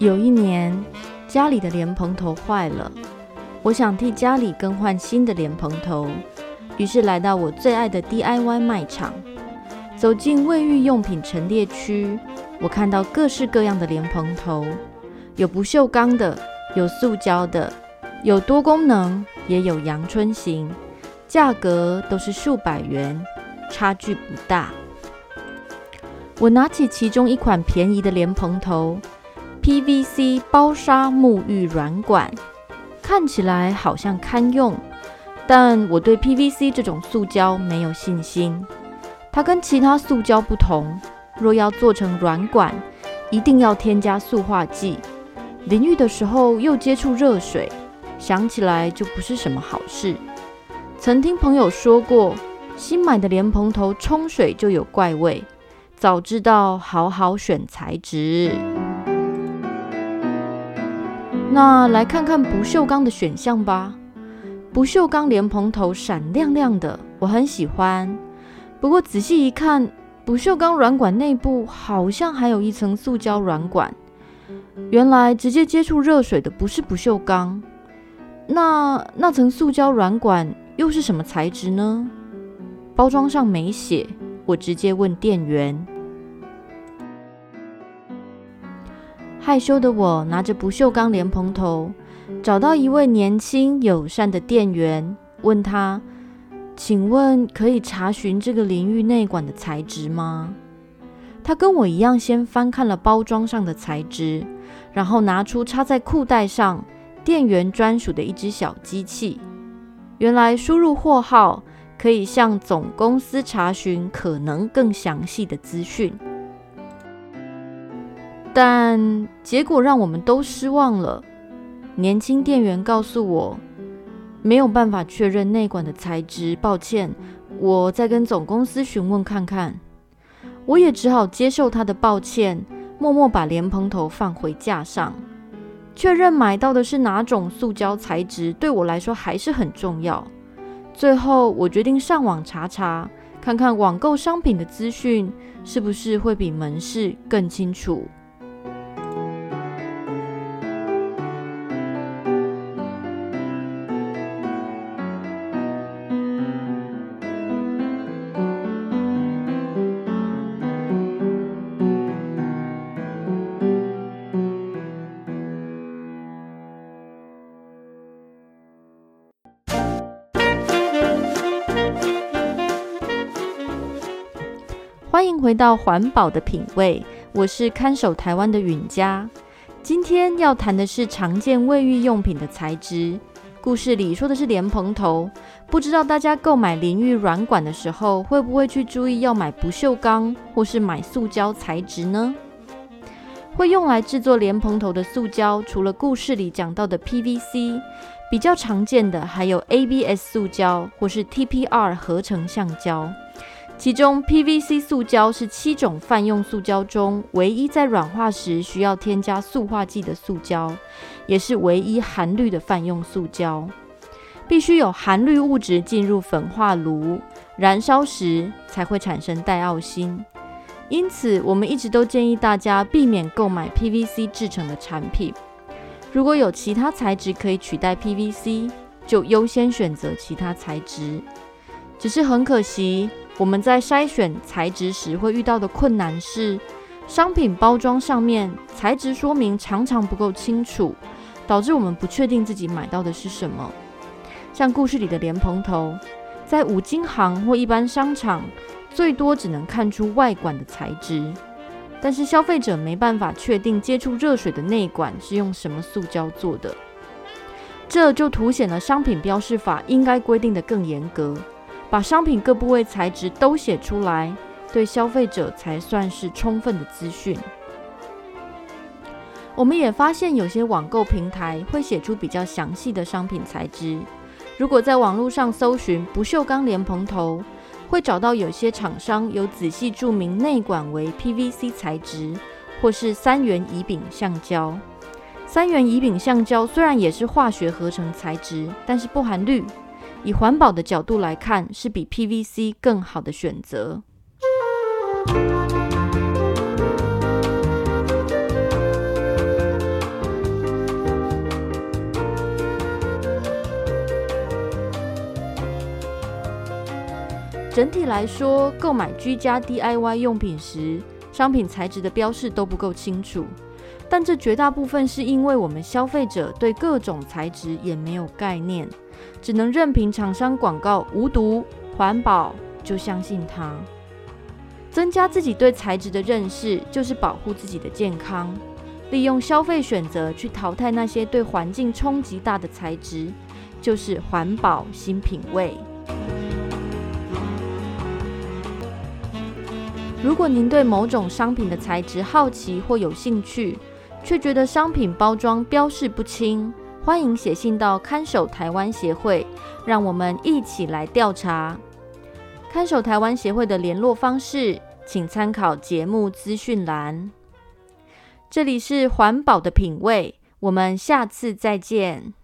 有一年，家裡的蓮蓬頭壞了，我想替家裡更換新的蓮蓬頭，於是來到我最愛的 DIY 賣場。走進衛浴用品陳列區，我看到各式各樣的蓮蓬頭，有不鏽鋼的，有塑膠的，有多功能，也有陽春型，價格都是數百元，差距不大。我拿起其中一款便宜的蓮蓬頭。PVC 包紗沐浴軟管看起來好像堪用，但我對 PVC 這種塑膠沒有信心。它跟其他塑膠不同，若要做成軟管，一定要添加塑化劑。淋浴的時候又接觸熱水，想起來就不是什麼好事。曾聽朋友說過，新買的蓮蓬頭沖水就有怪味，早知道好好選材質。那來看看不鏽鋼的選項吧。不鏽鋼蓮蓬頭閃亮亮的，我很喜歡。不過仔細一看，不鏽鋼軟管內部好像還有一層塑膠軟管。原來直接接觸熱水的不是不鏽鋼，那那層塑膠軟管又是什麼材質呢？包裝上沒寫，我直接問店員。害羞的我拿着不鏽鋼蓮蓬頭，找到一位年輕友善的店員，問他：“請問可以查詢這個淋浴內管的材質嗎？”他跟我一樣，先翻看了包裝上的材質，然後拿出插在褲袋上，店員專屬的一隻小機器。原來輸入貨號，可以向總公司查詢可能更詳細的資訊。但結果讓我們都失望了。年輕店員告訴我，沒有辦法確認內管的材質，抱歉，我再跟總公司詢問看看。我也只好接受他的抱歉，默默把蓮蓬頭放回架上。確認買到的是哪種塑膠材質，對我來說還是很重要。最後，我決定上網查查，看看網購商品的資訊是不是會比門市更清楚。歡迎回到環保的品味，我是看守台灣的允嘉。今天要談的是常見衛浴用品的材質。故事裡說的是蓮蓬頭，不知道大家購買淋浴軟管的時候，會不會去注意要買不鏽鋼或是買塑膠材質呢？會用來製作蓮蓬頭的塑膠，除了故事裡講到的 PVC，比較常見的還有 ABS 塑膠或是 TPR 合成橡膠。其中 PVC 塑膠是七種泛用塑膠中唯一在軟化時需要添加塑化劑的塑膠，也是唯一含氯的泛用塑膠。必須有含氯物質進入焚化爐燃燒時才會產生戴奧辛。因此，我們一直都建議大家避免購買 PVC 製成的產品。如果有其他材質可以取代 PVC，就優先選擇其他材質。只是很可惜。我們在篩選材質時會遇到的困難是，商品包裝上面材質說明常常不夠清楚，導致我們不確定自己買到的是什麼。像故事裡的蓮蓬頭，在五金行或一般商場，最多只能看出外管的材質，但是消費者沒辦法確定接觸熱水的內管是用什麼塑膠做的。這就凸顯了商品標示法應該規定的更嚴格。把商品各部位材質都寫出來，對消費者才算是充分的資訊。我們也發現，有些網購平台會寫出比較詳細的商品材質。如果在網絡上搜尋“不鏽鋼蓮蓬頭”，會找到有些廠商有仔細注明內管為 PVC 材質，或是三元乙丙橡膠。三元乙丙橡膠雖然也是化學合成材質，但是不含氯。以環保的角度來看，是比 PVC 更好的選擇。整體來說，購買居家 DIY 用品時，商品材質的標示都不夠清楚，但這絕大部分是因為我們消費者對各種材質也沒有概念。只能任憑廠商廣告“無毒環保”就相信它。增加自己對材質的認識，就是保護自己的健康。利用消費選擇去淘汰那些對環境衝擊大的材質，就是環保新品味。如果您對某種商品的材質好奇或有興趣，卻覺得商品包裝標示不清，歡迎寫信到看守台灣協會，讓我們一起來調查。看守台灣協會的聯絡方式，請參考節目資訊欄。這裡是環保的品味，我們下次再見。